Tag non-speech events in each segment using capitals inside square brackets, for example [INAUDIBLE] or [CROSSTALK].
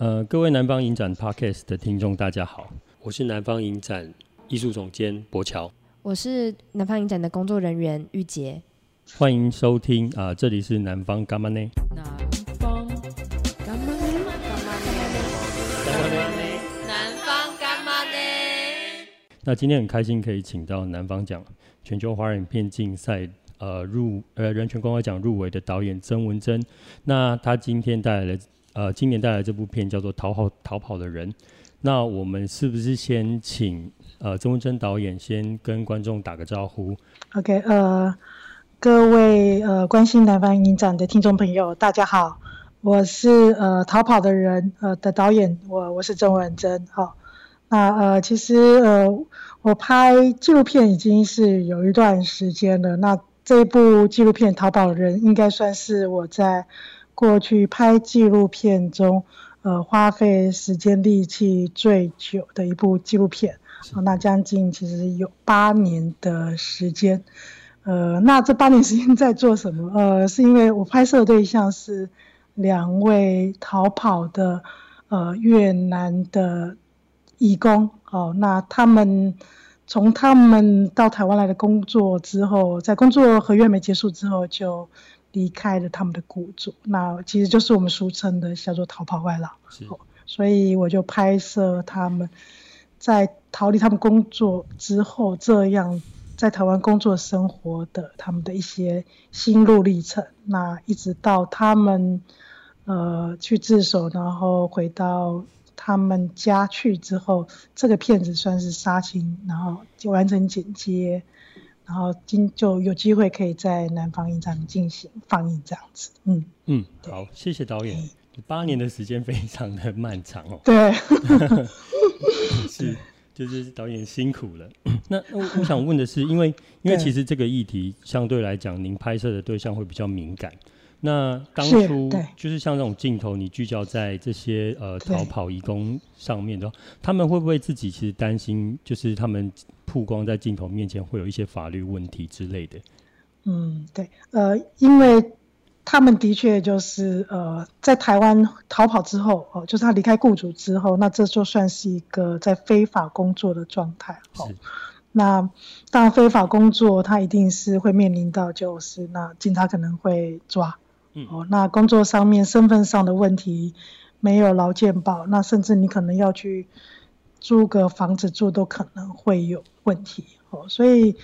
呃，各位南方影展 Podcast 的聽眾，大家好，我是南方影展藝術總監柏喬。我是南方影展的工作人員郁婕，歡迎收聽啊，呃，這裡是南方 Gamma Ne。南方 Gamma Ne，南方 Gamma Ne。那今天很開心可以請到南方獎全球華人片競賽呃入、呃人權關懷獎入圍的導演曾文珍，那他今天帶來了呃，今年帶來這部片叫做《逃跑逃跑的人》，那我們是不是先請呃曾文珍導演先跟觀眾打個招呼？OK，呃，各位呃關心南方影展的聽眾朋友，大家好，我是呃逃跑的人呃的導演，我我是曾文珍。好，那呃其實呃我拍紀錄片已經是有一段時間了，那這部紀錄片《逃跑的人》應該算是我在，過去拍紀錄片中，呃，花費時間力氣最久的一部紀錄片，啊、那將近其實有八年的時間。呃，那這八年時間在做什麼？呃，是因為我拍攝的對象是兩位逃跑的呃越南的移工。哦、啊，那他們從他們到台灣來的工作之後，在工作合約沒結束之後就離開了他們的雇主，那其實就是我們俗稱的叫做“逃跑外勞”。是。所以我就拍攝他們在逃離他們工作之後，這樣在台灣工作生活的他們的一些心路歷程。那一直到他們呃去自首，然後回到他們家去之後，這個片子算是殺青，然後就完成剪接。然後今就有機會可以在南方影展進行放映。這樣子，嗯嗯，好，謝謝導演，八年的時間非常的漫長哦，對， [LAUGHS] 是，就是導演辛苦了。 [LAUGHS] 那那我，我想問的是，因為因為其實這個議題對，相對來講，您拍攝的對象會比較敏感。那當初就是像這種鏡頭，你聚焦在這些呃逃跑移工上面的，他們會不會自己其實擔心，就是他們曝光在鏡頭面前會有一些法律問題之類的？嗯，對，呃，因為他們的確就是呃在台灣逃跑之後哦，呃，就是他離開雇主之後，那這就算是一個在非法工作的狀態哦。是。那當然非法工作，他一定是會面臨到就是那警察可能會抓。哦，那工作上面、身份上的問題，沒有勞健保，那甚至你可能要去租個房子住都可能會有問題。哦，所以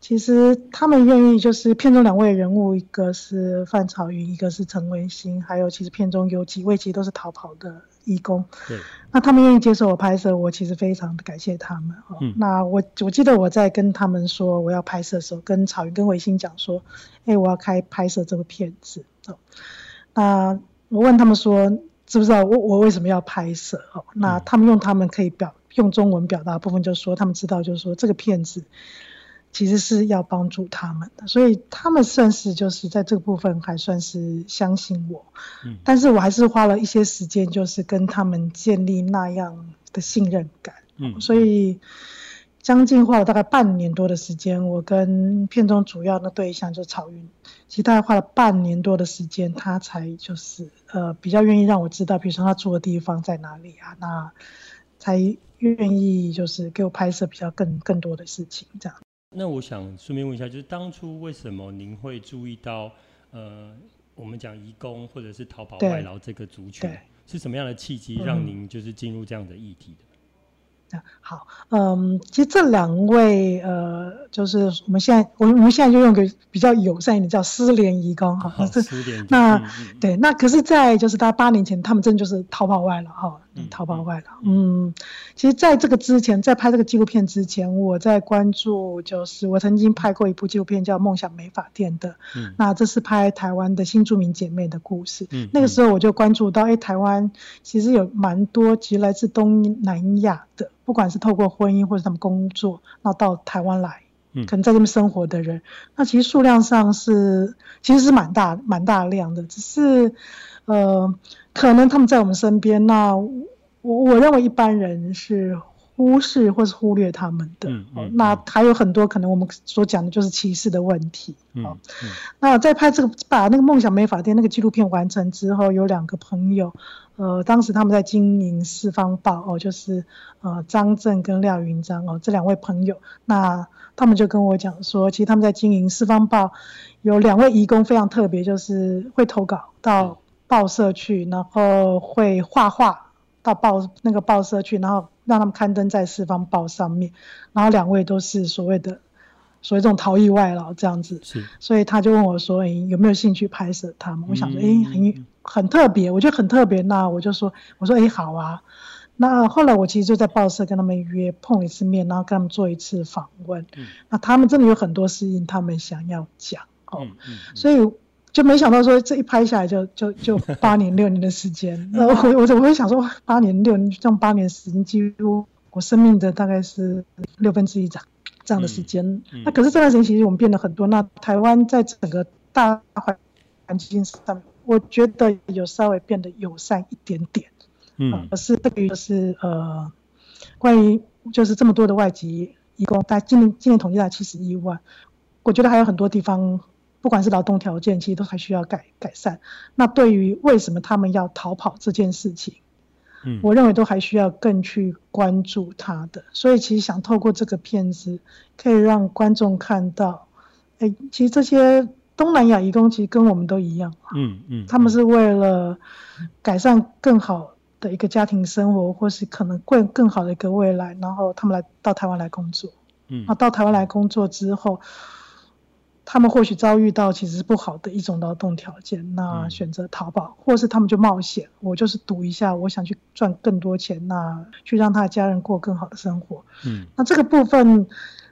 其實他們願意，就是片中兩位人物，一個是范草雲，一個是陳維新，還有其實片中有幾位其實都是逃跑的移工。對，那他們願意接受我拍攝，我其實非常的感謝他們。哦。嗯、那我我記得我在跟他們說我要拍攝的時候，跟草雲、跟維新講說，哎、欸，我要開拍攝這個片子。哦、那我問他們說，知不知道我我為什麼要拍攝？哦，那他們用他們可以表用中文表達部分就是，就說他們知道，就是說這個片子其實是要幫助他們的，所以他們算是就是在這個部分還算是相信我。嗯，但是我還是花了一些時間，就是跟他們建立那樣的信任感。嗯，嗯，所以。將近花了大概半年多的時間，我跟片中主要的對象就是草雲，其實大概花了半年多的時間，他才就是呃比較願意讓我知道，比如說他住的地方在哪裡啊，那才願意就是給我拍攝比較更更多的事情這樣。那我想順便問一下，就是當初為什麼您會注意到呃，我們講移工或者是逃跑外勞這個族群，是什麼樣的契機讓您就是進入這樣的議題的？嗯好，嗯，其實這兩位，呃，就是我們現在，我我們現在就用一個比較友善一啊啊點，叫失聯移工，哈，好，失聯，那對，那可是，在就是大概八年前，他們真的就是逃跑外了，哈、哦。嗯，淘寶外的、嗯嗯，嗯，其實，在這個之前，在拍這個紀錄片之前，我在關注，就是我曾經拍過一部紀錄片叫《夢想美髮店》的，嗯，那這是拍台灣的新住民姐妹的故事，嗯，那個時候我就關注到，哎、欸，台灣其實有蠻多，其實來自東南亞的，不管是透過婚姻或者他們工作，那到台灣來，嗯，可能在這邊生活的人，嗯、那其實數量上是其實是蠻大蠻大量的，只是，呃，可能他們在我們身邊，那。我我認為一般人是忽視或是忽略他們的。嗯嗯、那還有很多可能我們所講的就是歧視的問題，嗯嗯。哦，那在拍這個把那個夢想美髮店那個紀錄片完成之後，有兩個朋友，呃，當時他們在經營四方報哦，就是呃張正跟廖雲章哦，這兩位朋友，那他們就跟我講說，其實他們在經營四方報有兩位移工非常特別，就是會投稿到報社去，嗯，然後會畫畫。到報那個報社去，然後讓他們刊登在《四方報》上面。然後兩位都是所謂的所謂這種逃逸外勞這樣子，所以他就問我說：“哎、欸，有沒有興趣拍攝他們？”我想說：“哎、嗯欸，很很特別，我覺得很特別。”那我就說：“我說哎、欸，好啊。”那後來我其實就在報社跟他們約碰一次面，然後跟他們做一次訪問。嗯、那他們真的有很多事情，他們想要講哦、嗯嗯嗯，所以。就沒想到說這一拍下來就就就八年六年的時間，那 [LAUGHS] 我我就我就想說八年六年，這樣八年時間幾乎我生命的大概是六分之一長這樣的時間、嗯嗯。那可是這段時間其實我們變了很多。那台灣在整個大環境上，我覺得有稍微變得友善一點點。嗯，可、呃、是這個就是呃，關於就是這麼多的外籍移工大概今年今年統計了七十一萬，我覺得還有很多地方。不管是勞動條件，其實都還需要改改善。那對於為什麼他們要逃跑這件事情，嗯，我認為都還需要更去關注他的。所以，其實想透過這個片子，可以讓觀眾看到，欸，其實這些東南亞移工其實跟我們都一樣，啊，嗯嗯，嗯，他們是為了改善更好的一個家庭生活，或是可能更更好的一個未來，然後他們來到台灣來工作，嗯，到台灣來工作之後。他們或許遭遇到其實不好的一種勞動條件，那選擇逃跑，或是他們就冒險，我就是賭一下，我想去賺更多錢啊，那去讓他的家人過更好的生活。嗯，那這個部分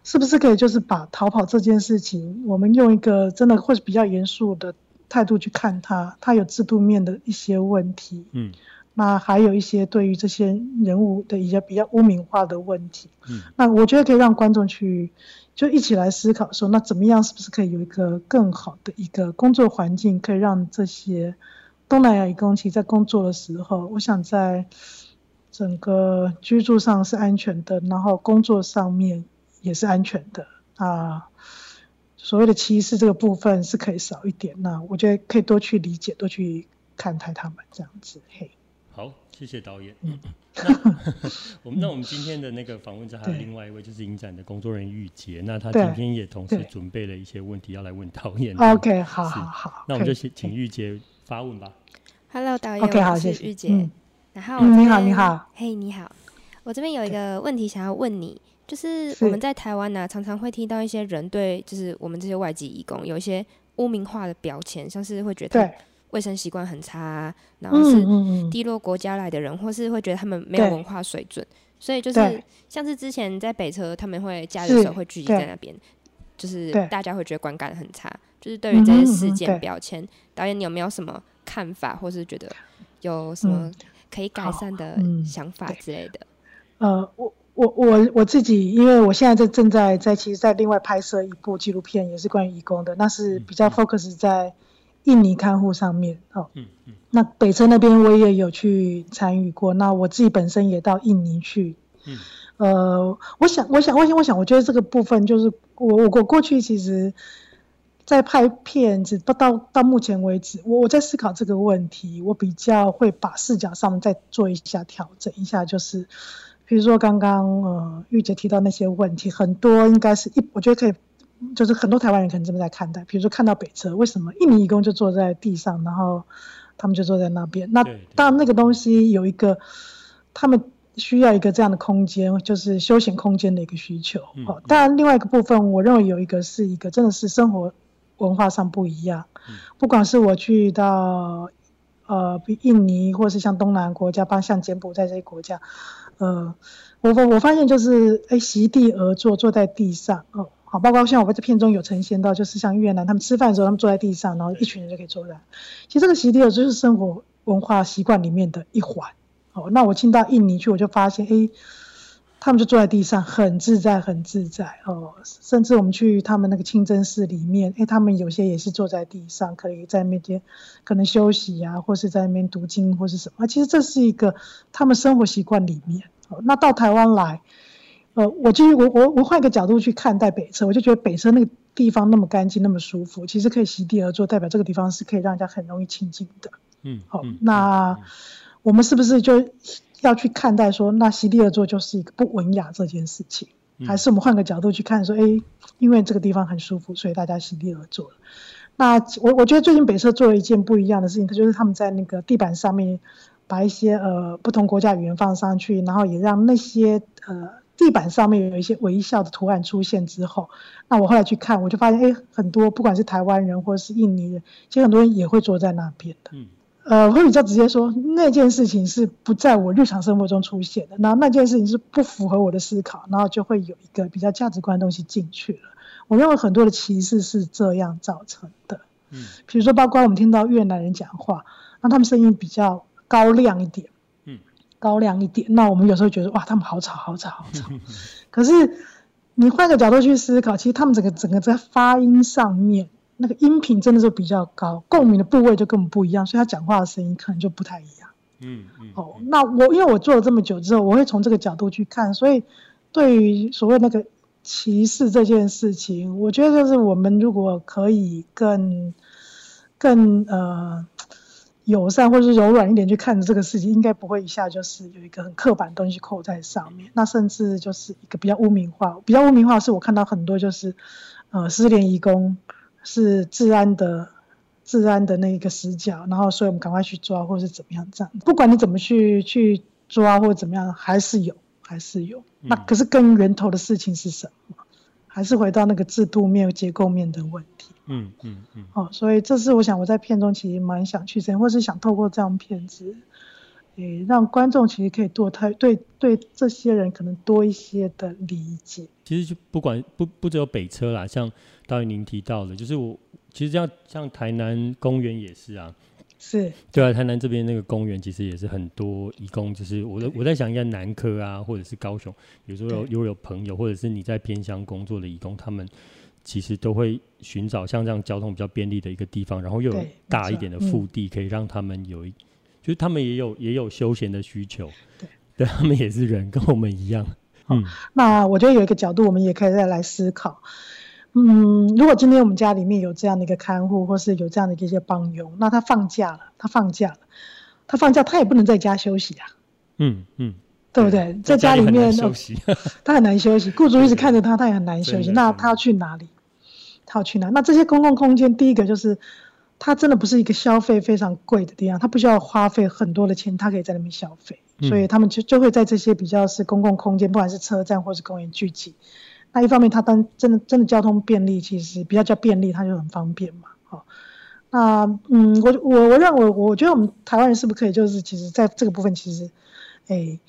是不是可以就是把逃跑這件事情，我們用一個真的或是比較嚴肅的態度去看他，他有制度面的一些問題。嗯。那還有一些對於這些人物的一些比較污名化的問題，嗯，那我覺得可以讓觀眾去就一起來思考，說那怎麼樣是不是可以有一個更好的一個工作環境，可以讓這些東南亞移工其實在工作的時候，我想在整個居住上是安全的，然後工作上面也是安全的啊。所謂的歧視這個部分是可以少一點，那我覺得可以多去理解，多去看待他們這樣子，嘿。好，謝謝導演。嗯、那 [LAUGHS] 我們那我們今天的那個訪問者，還有另外一位就是影展的工作人員郁婕，那他今天也同時準備了一些問題要來問導演。OK，好，好，好。那我們就 okay, 請請郁婕發問吧。Hello，導演。OK，好，謝謝郁婕。嗯。你好，你好。嘿、hey,，你好。我這邊有一個問題想要問你，就是我們在台灣呢、啊，常常會聽到一些人對，就是我們這些外籍移工有一些污名化的標籤，像是會覺得。對。衛生習慣很差，然後是低落國家來的人，嗯嗯嗯，或是會覺得他們沒有文化水準，所以就是像是之前在北車，他們會假日的時候會聚集在那邊，就是大家會覺得觀感很差。就是對於這些事件標籤，嗯嗯嗯，導演你有沒有什麼看法，或是覺得有什麼可以改善的想法之類的？嗯嗯、呃，我我我我自己，因為我現在正正在在其實，在另外拍攝一部紀錄片，也是關於移工的，那是比較 focus 在。印尼看護上面，哦、嗯嗯，那北車那邊我也有去參與過，那我自己本身也到印尼去，嗯，呃，我想，我想，我想，我想，我覺得這個部分就是我我我過去其實，在拍片子，到到到目前為止，我我在思考這個問題，我比較會把視角上面再做一下調整一下，就是比如說剛剛呃玉姐提到那些問題，很多應該是一，我覺得可以。就是很多台灣人可能這麼在看待，比如說看到北車，為什麼印尼移工就坐在地上，然後他們就坐在那邊？那當然，那個東西有一個，他們需要一個這樣的空間，就是休閒空間的一個需求。哦、嗯，當、呃、然，另外一個部分，我認為有一個是一個真的是生活文化上不一樣。不管是我去到呃印尼，或是像東南國家，包括像柬埔寨這些國家，呃，我我我發現就是誒、欸、席地而坐，坐在地上哦。呃好，包括像我在片中有呈現到，就是像越南，他們吃飯的時候，他們坐在地上，然後一群人就可以坐在。其實這個習題就是生活文化習慣裡面的一環。哦，那我進到印尼去，我就發現，哎、欸，他們就坐在地上，很自在，很自在。哦，甚至我們去他們那個清真寺裡面，哎、欸，他們有些也是坐在地上，可以在那邊可能休息啊，或是在那邊讀經或是什麼。其實這是一個他們生活習慣裡面。哦，那到台灣來。呃，我繼續，我我我換個角度去看待北車，我就覺得北車那個地方那麼乾淨，那麼舒服，其實可以席地而坐，代表這個地方是可以讓人家很容易親近的。嗯，好，嗯、那、嗯、我們是不是就要去看待說，那席地而坐就是一個不文雅這件事情？嗯、還是我們換個角度去看，說，哎、欸，因為這個地方很舒服，所以大家席地而坐。那我我覺得最近北車做了一件不一樣的事情，它就是他們在那個地板上面把一些呃不同國家語言放上去，然後也讓那些呃。地板上面有一些微笑的圖案出現之後，那我後來去看，我就發現，誒、欸，很多不管是台灣人或者是印尼人，其實很多人也會坐在那邊的。嗯，呃，我會比較直接說，那件事情是不在我日常生活中出現的，那那件事情是不符合我的思考，然後就會有一個比較價值觀的東西進去了。我認為很多的歧視是這樣造成的。嗯，比如說，包括我們聽到越南人講話，那他們聲音比較高亮一點。高亮一點，那我們有時候覺得哇，他們好吵，好吵，好吵。可是你換個角度去思考，其實他們整個整個在發音上面，那個音頻真的是比較高，共鳴的部位就跟我們不一樣，所以他講話的聲音可能就不太一樣。嗯，哦、嗯，嗯 Oh, 那我因為我做了這麼久之後，我會從這個角度去看，所以對於所謂那個歧視這件事情，我覺得就是我們如果可以更更呃。友善或者是柔軟一點去看着這個事情，應該不會一下就是有一個很刻板的東西扣在上面。那甚至就是一個比較污名化，比較污名化是我看到很多就是，呃，失聯移工是治安的治安的那一個死角，然後所以我們趕快去抓或是怎麼樣這樣。不管你怎麼去去抓或者怎麼樣，還是有還是有。那可是跟源頭的事情是什麼？還是回到那個制度面、結構面的問題。嗯嗯嗯，好、嗯嗯哦，所以這是我想我在片中其實蠻想去，甚或是想透過這張片子，誒、欸，讓觀眾其實可以多太，對對這些人可能多一些的理解。其實就不管不不，只有北車啦，像導演您提到的，就是我其實像像台南公園也是啊，是，對啊，台南這邊那個公園其實也是很多移工，就是我我在想一下南科啊，或者是高雄，比如說有有朋友或者是你在偏鄉工作的移工，他們。其實都會尋找像這樣交通比較便利的一個地方，然後又有大一點的腹地，可以讓他們有一，嗯，就是他們也有也有休閒的需求，對，對，他們也是人，跟我們一樣。嗯，好，那我覺得有一個角度，我們也可以再來思考。嗯，如果今天我們家裡面有這樣的一個看護，或是有這樣的一些幫傭，那他放假了，他放假了，他放假了，他放假，他也不能在家休息啊。嗯嗯。對不對？在家裡面，很難休息哦，他很難休息。 [LAUGHS] 雇主一直看着他，他也很難休息。對對對，那他要去哪裡？他要去哪？那這些公共空間，第一個就是，他真的不是一個消費非常貴的地方，他不需要花費很多的錢，他可以在那邊消費。所以他們就就會在這些比較是公共空間，不管是車站或是公園聚集。那一方面，他當真的真的交通便利，其實比較叫便利，他就很方便嘛。好，那嗯，我我我認為，我覺得我們台灣人是不是可以，就是其實在這個部分，其實，誒、欸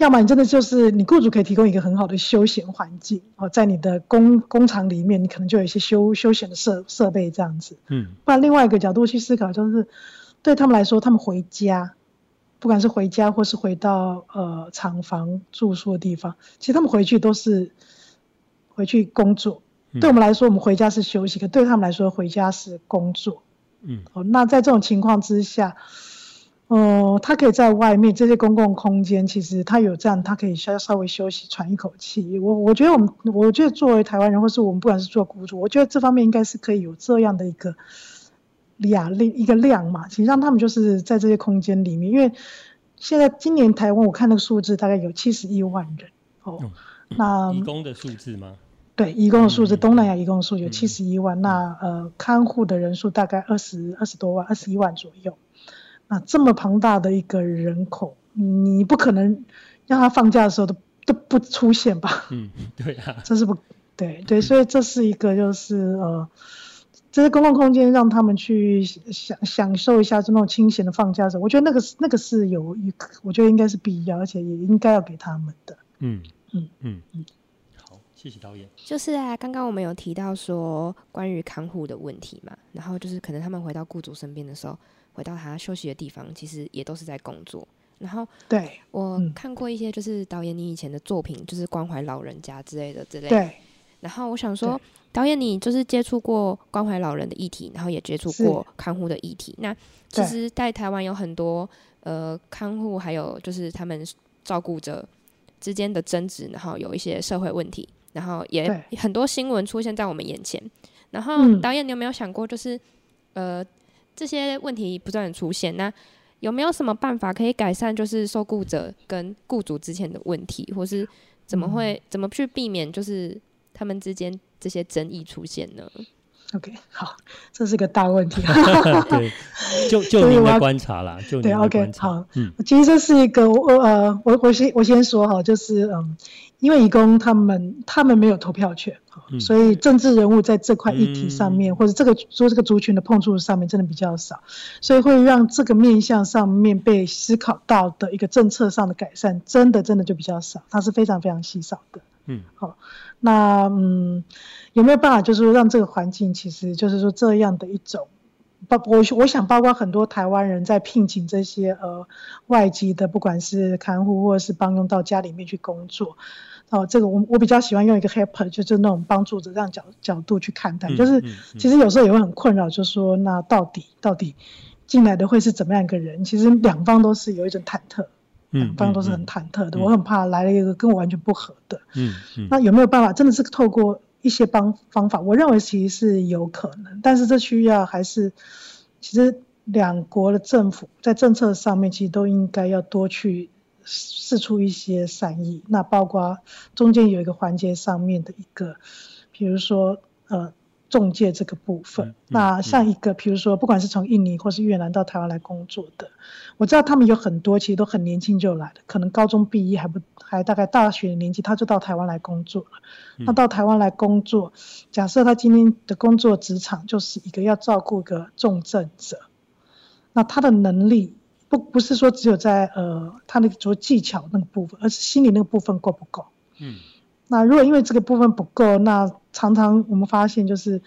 要麼你真的就是你雇主可以提供一個很好的休閒環境哦，在你的工工廠裡面，你可能就有一些休休閒的設設備這樣子。嗯，不然另外一個角度去思考，就是對他們來說，他們回家，不管是回家或是回到呃廠房住宿的地方，其實他們回去都是回去工作。對我們來說，我們回家是休息，可對他們來說，回家是工作。嗯，哦，那在這種情況之下。哦、呃，他可以在外面這些公共空間，其實他有這樣，他可以稍稍微休息、喘一口氣。我我覺得我們，我覺得作為台灣人，或是我們不管是做雇主，我覺得這方面應該是可以有這樣的一個量，一個量嘛。其實際上他們就是在這些空間裡面，因為現在今年台灣我看那個數字大概有七十一萬人哦。嗯、那移工的數字嗎？對，移工的數字、嗯，東南亞移工的數有七十一萬，嗯、那呃看護的人數大概二十二十多萬，二十一萬左右。啊，這麼龐大的一個人口，你不可能讓他放假的時候都都不出現吧？嗯，對呀，啊，這是不，對對，所以這是一個就是，嗯，呃，這是公共空間，讓他們去享享受一下，就那種清閒的放假的時候，我覺得那個那個是有一個，我覺得應該是必要，而且也應該要給他們的。嗯嗯嗯嗯，好，謝謝導演。就是啊，剛剛我們有提到說關於看護的問題嘛，然後就是可能他們回到雇主身邊的時候。回到他休息的地方，其實也都是在工作。然後，對我看過一些就是導演你以前的作品，嗯、就是關懷老人家之類的之類的。對。然後我想說，導演你就是接觸過關懷老人的議題，然後也接觸過看護的議題。那其實，在台灣有很多呃看護，還有就是他們照顧者之間的爭執，然後有一些社會問題，然後也很多新聞出現在我們眼前。然後，然後嗯、導演你有沒有想過，就是呃？這些問題不斷出現，那有沒有什麼辦法可以改善？就是受雇者跟雇主之前的問題，或是怎麼會怎麼去避免，就是他們之間這些爭議出現呢？OK，好，這是個大問題。 [LAUGHS] [LAUGHS] 對，就就你的觀察啦，就你的觀察 [LAUGHS] 對，OK，好，嗯，其實這是一個我呃，我我先我先說哈，就是嗯。因為移工他們他們沒有投票權，嗯，所以政治人物在這塊議題上面，嗯、或者這個說這個族群的碰觸上面，真的比較少，所以會讓這個面向上面被思考到的一個政策上的改善，真的真的就比較少，它是非常非常稀少的。嗯，好，哦，那嗯有沒有辦法，就是說讓這個環境，其實就是說這樣的一種包我我想包括很多台灣人在聘請這些呃外籍的，不管是看護或是幫傭到家裡面去工作。哦，這個我我比較喜歡用一個 helper 就是那種幫助者這樣角角度去看待，就是其實有時候也會很困擾就，就是說那到底到底進來的會是怎麼樣一個人？其實兩方都是有一種忐忑，兩方都是很忐忑的。嗯嗯嗯，我很怕來了一個跟我完全不合的。嗯嗯。那有沒有辦法？真的是透過一些幫方法？我認為其實是有可能，但是這需要還是其實兩國的政府在政策上面，其實都應該要多去。釋出一些善意，那包括中間有一個環節上面的一個，比如說呃中介這個部分。嗯、那像一個，比、嗯、如說不管是從印尼或是越南到台灣來工作的、嗯嗯，我知道他們有很多其實都很年輕就來了，可能高中畢業還不還大概大學的年紀他就到台灣來工作了。嗯、那到台灣來工作，假設他今天的工作職場就是一個要照顧個重症者，那他的能力。不不是說只有在呃他那個做技巧那個部分，而是心理那個部分夠不夠？嗯，那如果因為這個部分不夠，那常常我們發現就是，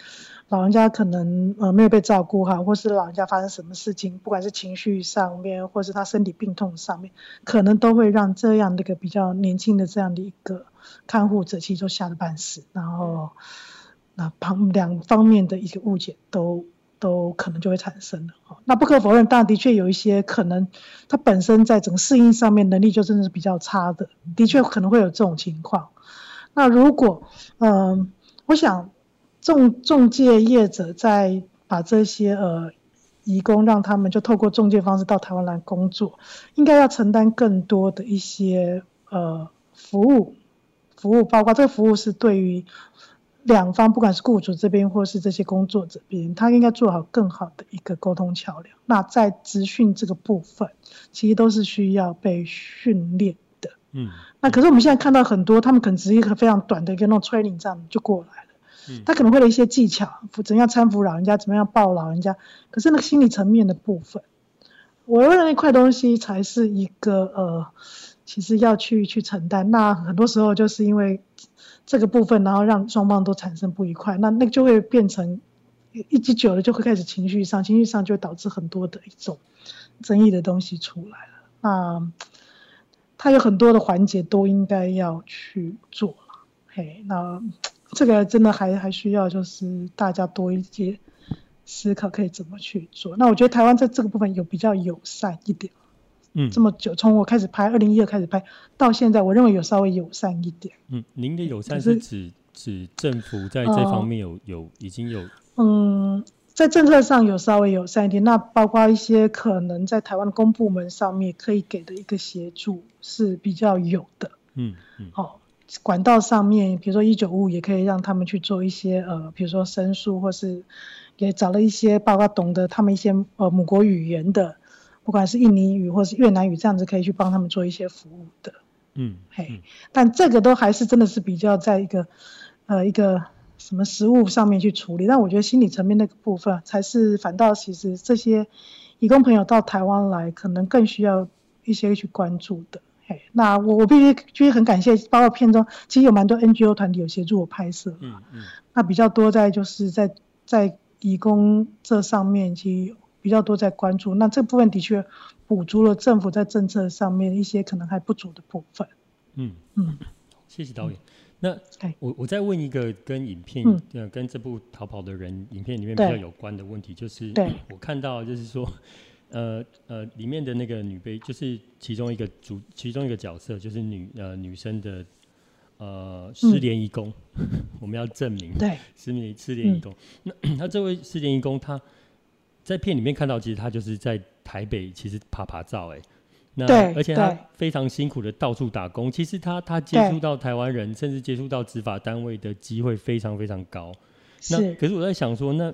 老人家可能呃沒有被照顧好，或是老人家發生什麼事情，不管是情緒上面，或是他身體病痛上面，可能都會讓這樣的一個比較年輕的這樣的一個看護者，其實都嚇得半死，然後那旁兩方面的一些誤解都，都可能就會產生了。那不可否認，但的確有一些可能，他本身在整個適應上面能力就真的是比較差的，的確可能會有這種情況。那如果嗯、呃，我想，仲中介業者在把這些呃移工讓他們就透過中介方式到台灣來工作，應該要承擔更多的一些呃服務服務，包括這個服務是對於。兩方，不管是雇主這邊或是這些工作這邊，他應該做好更好的一個溝通橋梁。那在職訓這個部分，其實都是需要被訓練的。嗯，那可是我們現在看到很多，他們可能只是一個非常短的一個那種 training 這樣就過來了。嗯，他可能會有一些技巧，怎樣攙扶老人家，怎麼樣抱老人家。可是那個心理層面的部分，我認為那塊東西才是一個呃。其實要去去承擔，那很多時候就是因為這個部分，然後讓雙方都產生不愉快，那那就會變成一直久了就會開始情緒上，情緒上就會導致很多的一種爭議的東西出來了。那它有很多的環節都應該要去做了，嘿，那這個真的還還需要就是大家多一些思考，可以怎麼去做。那我覺得台灣在這個部分有比較友善一點。嗯，這麼久從我開始拍，二零一二開始拍到現在，我認為有稍微友善一點。嗯，您的友善是指是指政府在這方面有、嗯、有已經有嗯，在政策上有稍微友善一點，那包括一些可能在台灣公部門上面可以給的一個協助是比較有的。嗯，好、嗯哦，管道上面，比如說一九五五也可以讓他們去做一些呃，比如說申訴，或是也找了一些包括懂得他們一些呃母國語言的。不管是印尼語或是越南語，這樣子可以去幫他們做一些服務的嗯，嗯，嘿，但這個都還是真的是比較在一個，呃，一個什麼實務上面去處理，但我覺得心理層面那個部分，才是反倒其實這些，移工朋友到台灣來，可能更需要一些去關注的，嘿，那我我必須就是很感謝，包括片中其實有蠻多 NGO 團體有協助我拍攝，嗯嗯，那比較多在就是在在移工這上面其實有。比較多在關注，那這部分的確補足了政府在政策上面一些可能還不足的部分。嗯嗯，謝謝導演。嗯、那、嗯、我我再問一個跟影片、嗯、跟這部《逃跑的人》影片裡面比較有關的問題，對就是對我看到就是說，呃呃，裡面的那個女配，就是其中一個主、其中一個角色，就是女呃女生的呃失聯移工，嗯、 [LAUGHS] 我們要證明對失聯失聯移工，嗯、那那這位失聯移工她。在片裡面看到，其實他就是在台北，其實爬爬照哎、欸，那而且他非常辛苦的到處打工。其實他他接觸到台灣人，甚至接觸到執法單位的機會非常非常高。那可是我在想說，那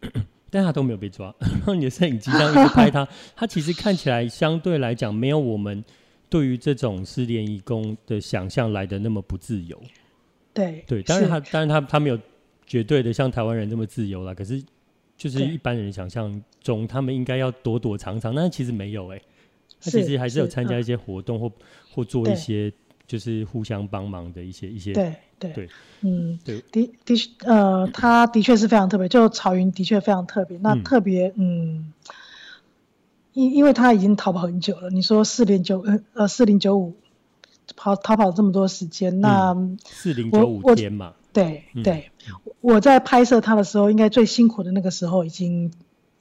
[COUGHS] 但他都沒有被抓，然 [LAUGHS] 後你的攝影機這樣一直拍他， [LAUGHS] 他其實看起來相對來講，沒有我們對於這種失聯移工的想象來的那麼不自由。對對，當然他當然他他沒有絕對的像台灣人這麼自由了，可是。就是一般人想象中，他們應該要躲躲藏藏，那其實沒有哎、欸，他其實還是有參加一些活動或，或、啊、或做一些就是互相幫忙的一些一些。對對對，嗯，對的的，呃，他的確是非常特別、嗯，就草雲的確非常特別。那特別，嗯，因、嗯嗯、因為他已經逃跑很久了，你說四零九呃呃四零九五跑逃跑這麼多時間，那四零九五天嘛。對對，我在拍攝他的時候，應該最辛苦的那個時候已經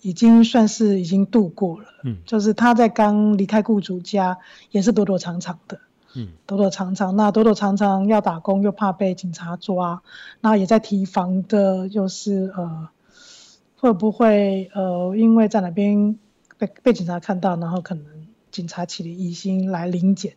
已經算是已經度過了。嗯、就是他在剛離開雇主家，也是躲躲藏藏的。嗯、躲躲藏藏，那躲躲藏藏要打工又怕被警察抓，那也在提防的、就是，又是呃，會不會呃，因為在哪邊被被警察看到，然後可能警察起了疑心來臨檢。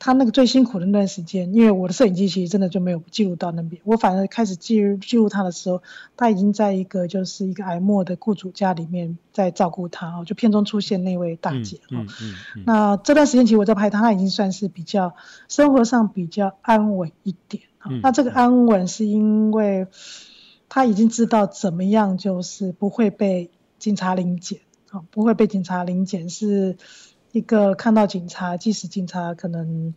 他那個最辛苦的那段時間，因為我的攝影機其實真的就沒有記錄到那邊。我反而開始記錄記錄他的時候，他已經在一個就是一個 M 的雇主家裡面在照顧他哦，就片中出現那位大姐哦、嗯嗯嗯。那這段時間其實我在拍他，他已經算是比較生活上比較安穩一點、嗯。那這個安穩是因為他已經知道怎麼樣就是不會被警察臨檢，不會被警察臨檢是。一個看到警察，即使警察可能，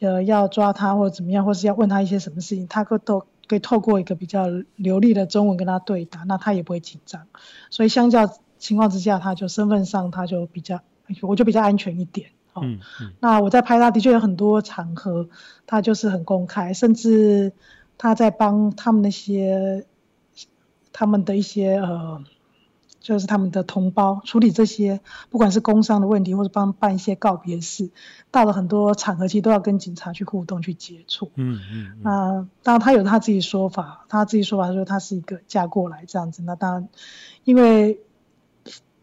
呃，要抓他或者怎麼樣，或是要問他一些什麼事情，他都可以透過一個比較流利的中文跟他對答，那他也不會緊張。所以相較情況之下，他就身份上他就比較，我就比較安全一點。哦、嗯嗯。那我在拍他的確有很多場合，他就是很公開，甚至他在幫他們那些，他們的一些呃。就是他們的同胞處理這些，不管是工傷的問題，或者幫辦一些告別式，到了很多場合其實都要跟警察去互動去接觸。嗯嗯嗯。那、啊、當然他有他自己說法，他自己說法說他是一個嫁過來這樣子。那當然，因為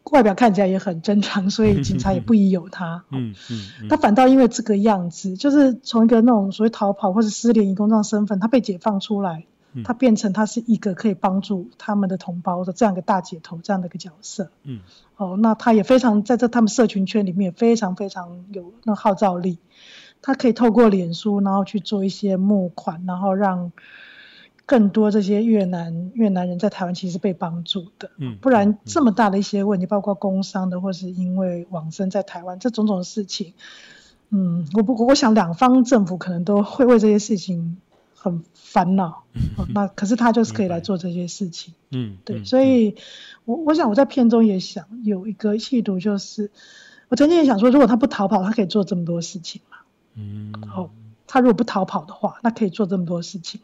外表看起來也很正常，所以警察也不疑有他。嗯嗯。他、嗯嗯、反倒因為這個樣子，就是從一個那種所謂逃跑或者失聯、移工的身份，他被解放出來。他變成他是一個可以幫助他們的同胞的這樣一個大姐頭，這樣的一個角色。嗯，哦，那他也非常在這他們社群圈裡面也非常非常有那號召力。他可以透過臉書，然後去做一些募款，然後讓更多這些越南越南人在台灣其實是被幫助的。嗯，不然這麼大的一些問題，包括工傷的，或是因為往生在台灣這種種事情，嗯，我不，我想兩方政府可能都會為這些事情。很煩惱、 [LAUGHS] 哦，那可是他就是可以來做這些事情，嗯，對，嗯嗯、所以，我我想我在片中也想有一個企圖，就是我曾經也想說，如果他不逃跑，他可以做這麼多事情嗯，好、哦，他如果不逃跑的話，那可以做這麼多事情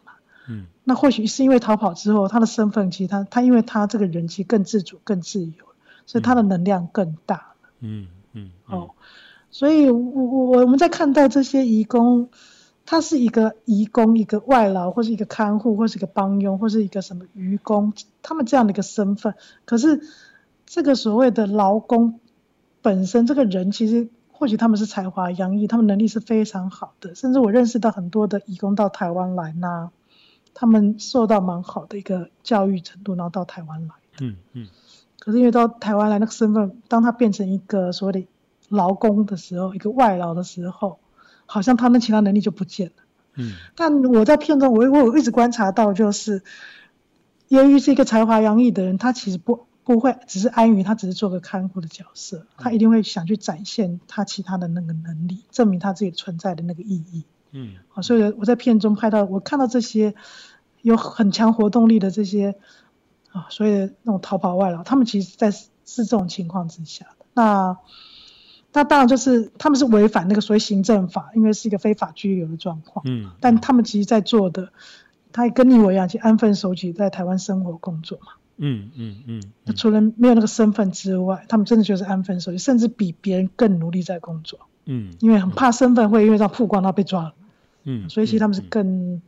嗯，那或許是因為逃跑之後，他的身份其實他他因為他這個人其實更自主、更自由，所以他的能量更大，嗯嗯，好、嗯哦，所以我我我,我們在看待這些移工。他是一個移工、一個外勞，或是一個看護，或是一個幫傭，或是一個什麼漁工，他們這樣的一個身份。可是這個所謂的勞工本身，這個人其實或許他們是才華洋溢，他們能力是非常好的。甚至我認識到很多的移工到台灣來呢、啊，他們受到蠻好的一個教育程度，然後到台灣來的嗯嗯。可是因為到台灣來那個身份，當他變成一個所謂的勞工的時候，一個外勞的時候，好像他們其他能力就不見了，嗯，但我在片中我，我我一直觀察到，就是，由於是一個才華洋溢的人，他其實不不會，只是安於他，只是做個看護的角色，嗯，他一定會想去展現他其他的那個能力，證明他自己存在的那個意義，嗯，啊，所以我在片中拍到，我看到這些有很強活動力的這些啊，所以那種逃跑外勞，他們其實在是這種情況之下的那。那當然就是他們是違反那個所謂行政法，因為是一個非法居留的狀況，嗯。嗯，但他們其實在做的，他也跟你一樣去安分守己，在台灣生活工作嘛。嗯嗯嗯。除了沒有那個身份之外，他們真的就是安分守己，甚至比別人更努力在工作。嗯，因為很怕身份會因為這樣曝光他被抓。嗯，所以其實他們是更，嗯嗯、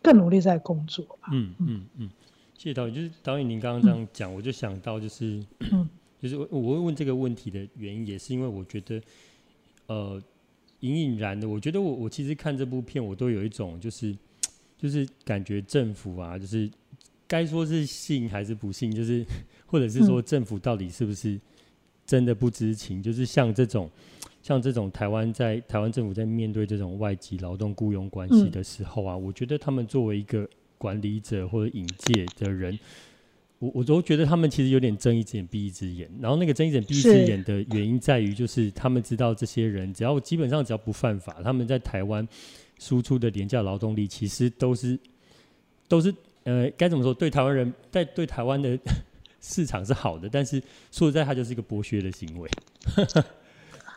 更努力在工作。嗯嗯嗯。謝謝導演，就是導演，您剛剛這樣講，嗯，我就想到就是，嗯。就是我，我會問這個問題的原因，也是因為我覺得，呃，隱隱然的，我覺得我，我其實看這部片，我都有一種就是，就是感覺政府啊，就是該說是信還是不信，就是或者是說政府到底是不是真的不知情，嗯、就是像這種，像這種台灣在台灣政府在面對這種外籍勞動僱傭關係的時候啊、嗯，我覺得他們作為一個管理者或者引介的人。我我都覺得他們其實有點睜一隻眼閉一隻眼，然後那個睜一隻眼閉一隻眼的原因在於，就是他們知道這些人只要基本上只要不犯法，他們在台灣輸出的廉價勞動力其實都是都是呃該怎麼說，對台灣人在對台灣的呵呵市場是好的，但是說實在，它就是一個剝削的行為。呵呵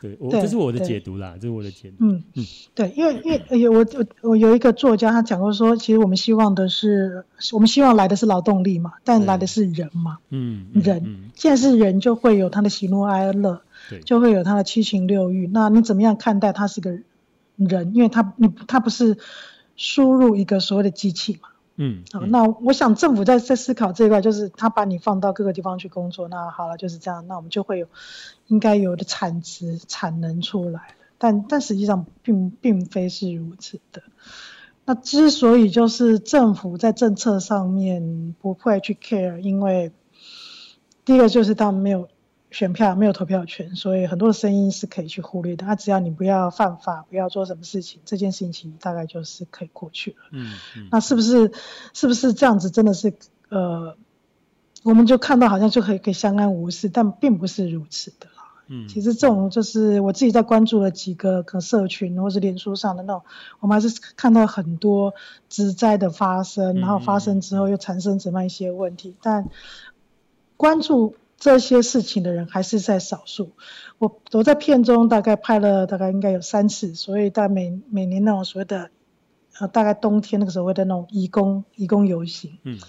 對,對，這是我的解讀啦，這是我的解讀。嗯嗯，對，因為因為有我我我有一個作家，他講過說,說，其實我們希望的是，我們希望來的是勞動力嘛，但來的是人嘛，嗯，人，嗯嗯，既然是人，就會有他的喜怒哀樂，對，就會有他的七情六欲。那你怎麼樣看待他是個人？因為他你他不是輸入一個所謂的機器嘛？嗯，好，那我想政府在在思考這一塊，就是他把你放到各個地方去工作，那好了，就是這樣，那我們就會有應該有的產值、產能出來，但但實際上並並非是如此的。那之所以就是政府在政策上面不會去 care，因為第一個就是他們沒有。選票，沒有投票權，所以很多的聲音是可以去忽略的。他、啊、只要你不要犯法，不要做什麼事情，這件事情大概就是可以過去了。嗯，嗯，那是不是，是不是這樣子？真的是呃，我們就看到好像就可以可以相安無事，但並不是如此的啦。嗯，其實這種就是我自己在關注了幾個可能社群或是臉書上的那種，我們還是看到很多職災的發生，然後發生之後又產生怎麼一些問題，嗯嗯但關注。這些事情的人還是在少數。我我在片中大概拍了大概應該有三次，所以在每每年那種所謂的、啊，大概冬天那個時候會在那種移工移工遊行，嗯。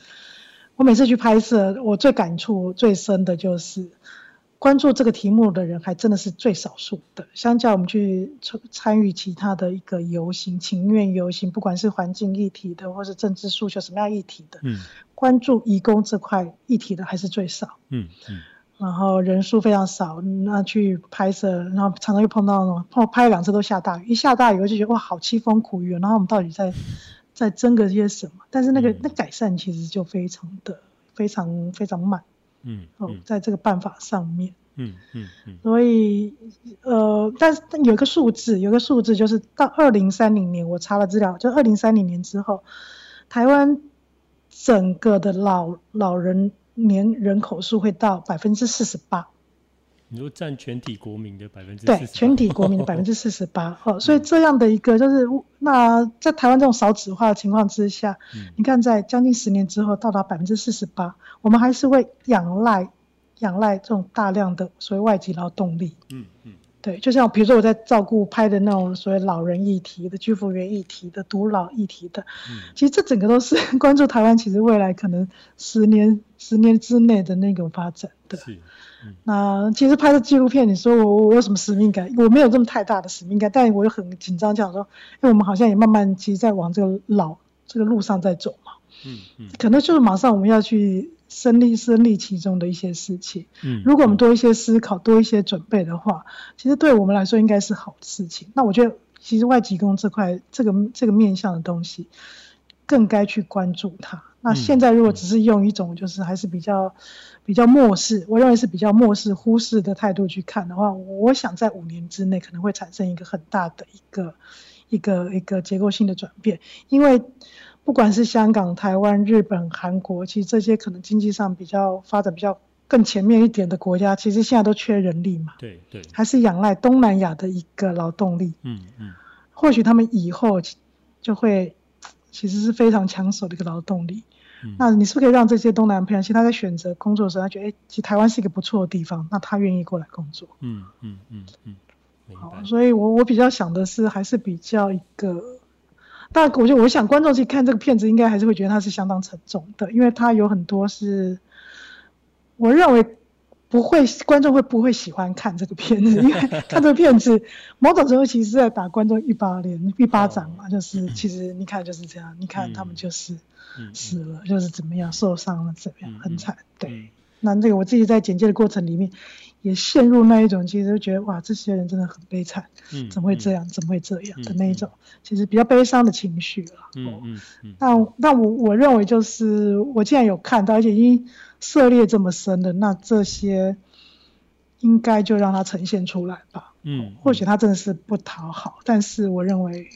我每次去拍攝，我最感觸最深的就是關注這個題目的人還真的是最少數的。相較我們去參與其他的一個遊行，請願遊行，不管是環境議題的，或是政治訴求什麼樣議題的，嗯關注移工這塊議題的還是最少，嗯嗯，然後人數非常少，那去拍攝，然後常常又碰到什麼？我拍了兩次都下大雨，一下大雨我就覺得哇，好淒風苦雨，然後我們到底在、嗯、在爭個些什麼？但是那個、嗯、那改善其實就非常的非常非常慢，嗯，嗯、哦、在這個辦法上面，嗯嗯，嗯所以呃，但是有一個數字，有一個數字就是到二零三零年，我查了資料，就二零三零年之後，台灣。整個的老老人年人口數會到百分之四十八。你說占全體國民的百分之四十八？對，全體國民的百分之四十八。哦，所以這樣的一個就是那在台灣這種少子化的情況之下、嗯，你看在將近十年之後到達百分之四十八，我們還是會仰賴仰賴這種大量的所謂外籍勞動力。嗯嗯。對，就像比如說我在照顧拍的那種所謂老人議題的、居服員議題的、獨老議題的，嗯、其實這整個都是關注台灣其實未來可能十年、十年之內的那個發展的。對，那、嗯啊、其實拍的紀錄片，你說我我有什麼使命感？我沒有這麼太大的使命感，但我又很緊張，講說，因為我們好像也慢慢其實在往這個老這個路上在走嘛，嗯嗯，可能就是馬上我們要去。身歷身歷其中的一些事情，嗯，如果我們多一些思考，多一些準備的話，其實對我們來說應該是好事情。那我覺得，其實外籍工這塊，這個這個面向的東西，更該去關注它。那現在如果只是用一種就是還是比較、嗯、比較漠視，我認為是比較漠視忽視的態度去看的話，我想在五年之內可能會產生一個很大的一個一個一個結構性的轉變，因為。不管是香港、台灣、日本、韓國，其實這些可能經濟上比較發展、比較更前面一點的國家，其實現在都缺人力嘛。對對，還是仰賴東南亞的一個勞動力。嗯嗯。或許他們以後就會，其實是非常搶手的一個勞動力。嗯。那你是不是可以讓這些東南亞朋友，其實他在選擇工作的時候，他覺得哎、欸，其實台灣是一個不錯的地方，那他願意過來工作。嗯嗯嗯嗯。好，所以我我比較想的是，還是比較一個。那我就，我想觀眾去看這個片子，應該還是會覺得它是相當沉重的，因為它有很多是，我認為不會觀眾會不會喜歡看這個片子， [LAUGHS] 因為看這個片子 [LAUGHS] 某種程度其實是在打觀眾一巴臉、一巴掌嘛，就是、嗯、其實你看就是這樣、嗯，你看他們就是死了，嗯嗯、就是怎麼樣受傷了，怎麼樣、嗯、很慘、嗯。對，那這個我自己在剪接的過程裡面。也陷入那一種，其實覺得哇，這些人真的很悲慘，嗯，怎麼會這樣、嗯嗯？怎麼會這樣的那一種，嗯嗯嗯、其實比較悲傷的情緒了。嗯，那那、哦嗯嗯、我我認為就是，我既然有看到，而且已經涉獵這麼深的，那這些應該就讓他呈現出來吧。哦、嗯，嗯，或許他真的是不討好，但是我認為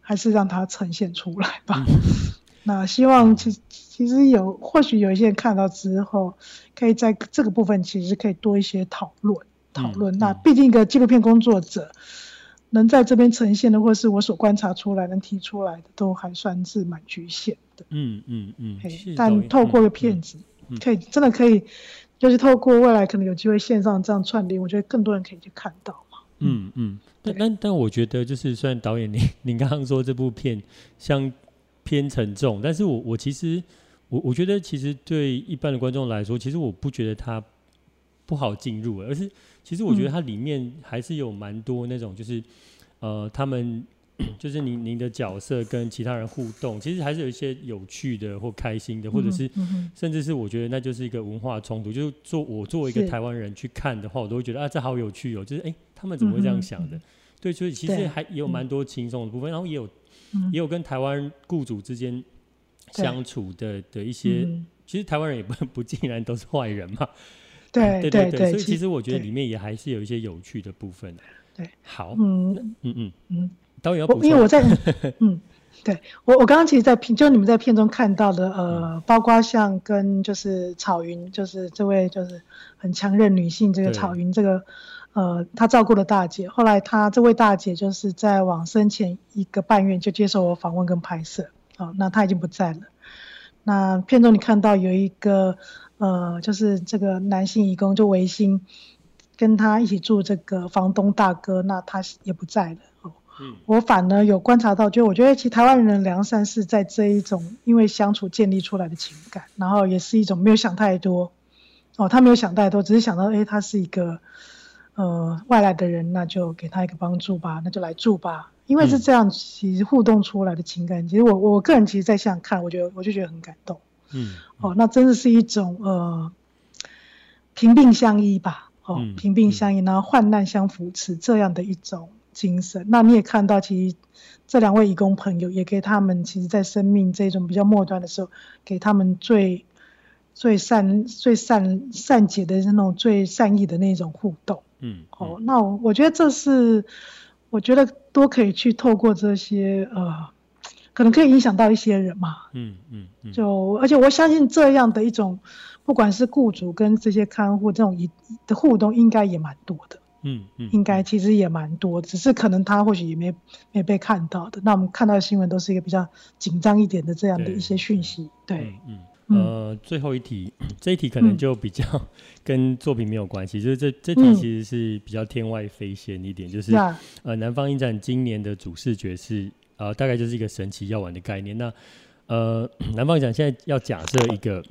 還是讓他呈現出來吧。嗯嗯那希望其其實有或許有一些人看到之後，可以在這個部分其實可以多一些討論討論。那畢竟一個紀錄片工作者，能在這邊呈現的，或是我所觀察出來能提出來的，都還算是蠻局限的。嗯嗯嗯。嘿，但透過個片子，嗯、可以、嗯、真的可以、嗯，就是透過未來可能有機會線上這樣串聯、嗯，我覺得更多人可以去看到嘛。嗯嗯。但但但我覺得就是雖然導演您您剛剛說這部片像。偏沉重，但是我我其實我我覺得其實對一般的觀眾來說，其實我不覺得它不好進入，而是其實我覺得它裡面還是有蠻多那種就是、嗯、呃他們就是您您的角色跟其他人互動，其實還是有一些有趣的或開心的，或者是、嗯嗯、甚至是我覺得那就是一個文化衝突，就是做我我作為一個台灣人去看的話，我都會覺得啊這好有趣哦，就是哎、欸、他們怎麼會這樣想的？嗯、對，所以其實還也有蠻多輕鬆的部分，然後也有。也有跟台灣雇主之間相處的的一些，嗯、其實台灣人也不不盡然都是壞人嘛。對、嗯、對對對，對，對，所以其實我覺得裡面也還是有一些有趣的部分。對，對好，嗯嗯嗯嗯，導演要因為我在 [LAUGHS] 嗯，對我我剛剛其實在，在片就你們在片中看到的，呃，嗯、包括像跟就是草雲，就是這位就是很強韌女性這，這個草雲這個。呃，他照顧了大姐。後來他這位大姐就是在往生前一個半月就接受我訪問跟拍攝。哦，那他已經不在了。那片中你看到有一個呃，就是這個男性移工就維新，跟他一起住這個房東大哥，那他也不在了。嗯、我反而有觀察到，就我覺得其實台灣人的良善是在這一種因為相處建立出來的情感，然後也是一種沒有想太多，哦，他沒有想太多，只是想到，哎、欸，他是一個。呃，外來的人，那就給他一個幫助吧，那就來住吧，因為是這樣，其實互動出來的情感，嗯、其實我我個人其實在想看，我覺得我就覺得很感動，嗯，嗯，哦，那真的是一種呃，平病相依吧，哦，嗯、平病相依、嗯嗯，然後患難相扶持這樣的一種精神。那你也看到，其實這兩位義工朋友也給他們，其實在生命這種比較末端的時候，給他們最最善最善善解的是那種最善意的那種互動。嗯，好、嗯哦，那我我覺得這是，我覺得多可以去透過這些呃，可能可以影響到一些人嘛。嗯嗯，嗯，就而且我相信這樣的一種，不管是雇主跟這些看護這種的互動，應該也蠻多的。嗯嗯，應該其實也蠻多，只是可能他或許也沒沒被看到的。那我們看到的新聞都是一個比較緊張一點的這樣的一些訊息，對。對，嗯。嗯呃，最後一題，這一題可能就比較跟作品沒有關係，嗯，就是這這題其實是比較天外飛仙一點，嗯，就是，Yeah. 呃，南方影展今年的主視覺是呃，大概就是一個神奇藥丸的概念。那呃，南方影展現在要假設一個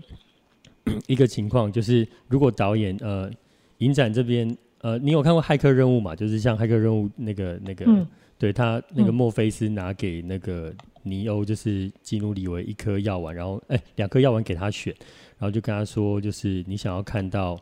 一個情況，就是如果導演呃影展這邊呃，你有看過《駭客任務》嗎？就是像《駭客任務》那個那個那個。嗯對他那個墨菲斯拿給那個尼歐，就是基努里維一顆藥丸，然後哎兩顆藥丸給他選，然後就跟他說，就是你想要看到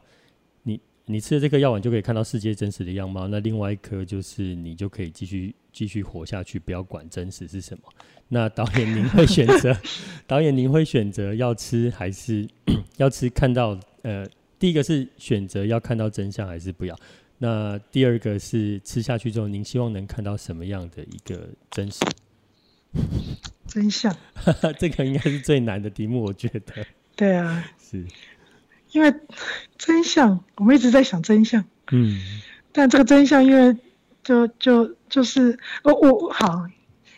你你吃的這顆藥丸就可以看到世界真實的樣貌，那另外一顆就是你就可以繼續繼續活下去，不要管真實是什麼。那導演您會選擇？ [LAUGHS] 導演您會選擇要吃還是 [COUGHS] 要吃看到？呃，第一個是選擇要看到真相還是不要？那第二個是吃下去之後，您希望能看到什麼樣的一個真實？真相？ [LAUGHS] 這個應該是最難的題目，我覺得。對啊，是，因為真相，我們一直在想真相。嗯，但這個真相，因為就就就是、哦、我我好。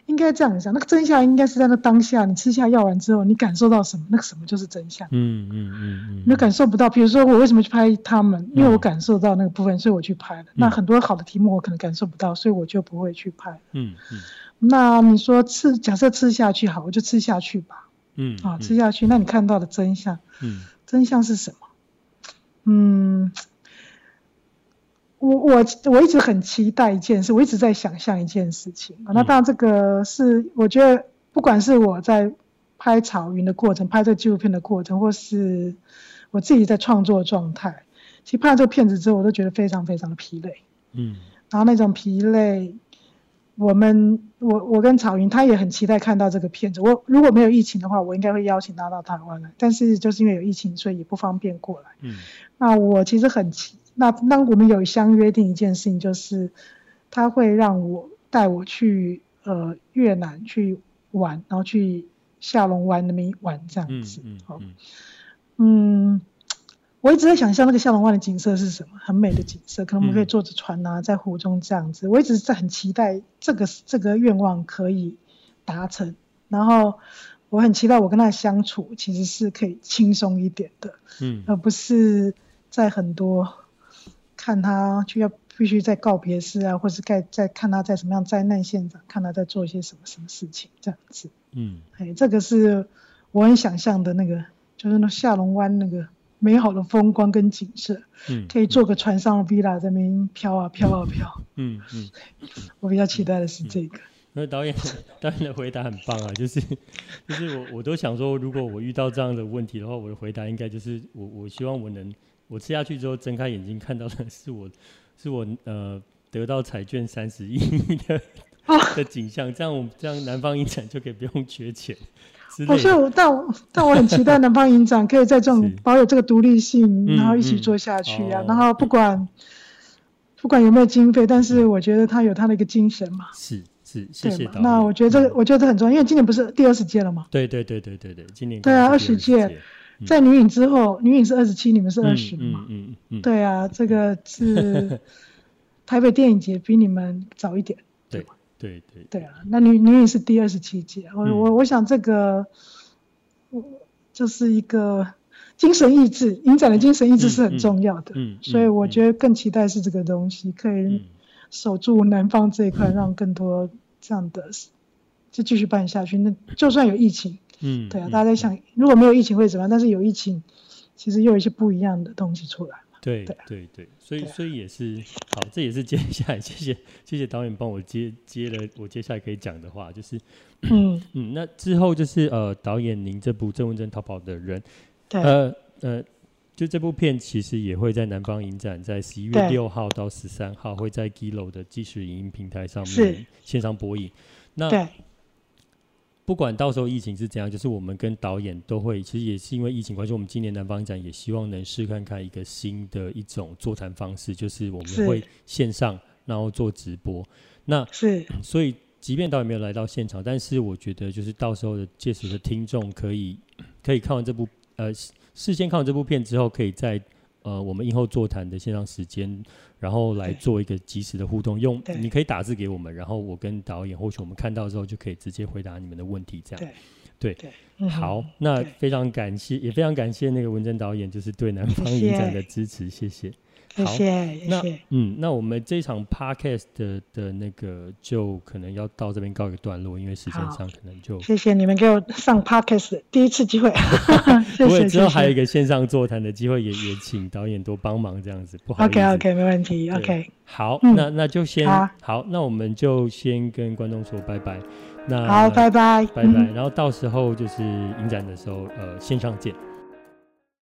應該這樣想，那個真相，應該是在那當下，你吃下藥丸之後，你感受到什麼，那個什麼就是真相。嗯嗯嗯，嗯。你感受不到，比如說我為什麼去拍他們、哦，因為我感受到那個部分，所以我去拍了、嗯。那很多好的題目我可能感受不到，所以我就不會去拍了。嗯嗯。那你說吃，假設吃下去好，我就吃下去吧。嗯。嗯啊，吃下去、嗯，那你看到的真相，嗯，真相是什麼？嗯。我我我一直很期待一件事，我一直在想象一件事情、嗯、那到這個是我覺得，不管是我在拍草雲的過程，拍這個紀錄片的過程，或是我自己在創作狀態，其實拍了這個片子之後，我都覺得非常非常的疲累。嗯。然後那種疲累，我們我我跟草雲，他也很期待看到這個片子。我如果沒有疫情的話，我應該會邀請他到台灣來，但是就是因為有疫情，所以也不方便過來。嗯。那我其實很期。那當我們有相約定一件事情，就是他會讓我帶我去呃越南去玩，然後去下龍灣那邊玩這樣子嗯嗯嗯。嗯，我一直在想象那個下龍灣的景色是什麼，很美的景色，可能我們可以坐着船啊，嗯，在湖中這樣子。我一直在很期待這個這個願望可以達成，然後我很期待我跟他相處其實是可以輕鬆一點的，嗯，而不是在很多。看他就要必須在告別式啊，或是蓋在看他在什麼樣災難現場，看他在做一些什麼什麼事情這樣子。嗯，哎，這個是我很想象的那個，就是那下龍灣那個美好的風光跟景色。嗯，可以坐個船上的 Villa 在那邊飄啊飄啊飄。嗯嗯，嗯，我比較期待的是這個。嗯嗯嗯。那導演，導演的回答很棒啊，就是就是我我都想說，如果我遇到這樣的問題的話，我的回答應該就是我我希望我能。我吃下去之後，睜開眼睛看到的是我，是我呃得到彩券三十億的、啊、的景象。這樣，我這樣南方影展就可以不用缺錢。我、哦、但但我很期待南方影展可以在這種保有這個獨立性， [LAUGHS] 然後一起做下去啊。嗯嗯哦、然後不管不管有沒有經費，但是我覺得他有他的一個精神嘛。是是，謝謝。那我覺得、這個嗯、我覺得很重要，因為今年不是第二十屆了嗎？對對對對對對，對，今年對二十屆。在女影之後，女影是二十七，你們是二十嘛、嗯嗯嗯嗯？對啊，這個是台北電影節比你們早一點。 [LAUGHS] 對，對對對。對啊，那女女影是第二十七屆。我、嗯、我我想這個，就是一個精神意志，影展的精神意志是很重要的。嗯嗯嗯嗯、所以我覺得更期待是這個東西可以守住南方這一塊、嗯，讓更多這樣的就繼續辦下去。那就算有疫情。嗯，對啊，大家在想、嗯、如果沒有疫情會怎麼樣？但是有疫情，其實又有一些不一樣的東西出來。對對、啊、對對，所以、啊、所以也是好，這也是接下來謝謝謝謝導演幫我接接了我接下來可以講的話，就是嗯嗯，那之後就是呃，導演您這部《曾文珍逃跑的人》對，對呃呃，就這部片其實也會在南方影展，在十一月六號到十三號會在 Giloo 的紀實影音平台上面線上播映。那對不管到時候疫情是怎樣，就是我們跟導演都會，其實也是因為疫情關係，我們今年南方展也希望能試看看一個新的一種座談方式，就是我們會線上，然後做直播。那，是，所以即便導演沒有來到現場，但是我覺得就是到時候的屆時的聽眾可以可以看完這部呃，事先看完這部片之後，可以在。呃，我們映後座談的線上時間，然後來做一個即時的互動，用你可以打字給我們，然後我跟導演，或許我們看到之後就可以直接回答你們的問題，這樣。對，對對，好，嗯，那非常感謝，也非常感謝那個文珍導演，就是對南方影展的支持，謝謝，欸。謝謝謝謝，謝謝。嗯，那我們這場 Podcast 的的那個，就可能要到這邊告一個段落，因為時間上可能就謝謝你們給我上 Podcast 第一次機會，謝 [LAUGHS] 謝 [LAUGHS] 謝謝。之後還有一個線上座談的機會，也也請導演多幫忙這樣子，不好意思，OK OK 沒問題 OK 好。好，嗯，那那就先好、啊、好，那我們就先跟觀眾說拜拜。那好，拜拜拜拜，然後到時候就是影展的時候，嗯，呃，線上見。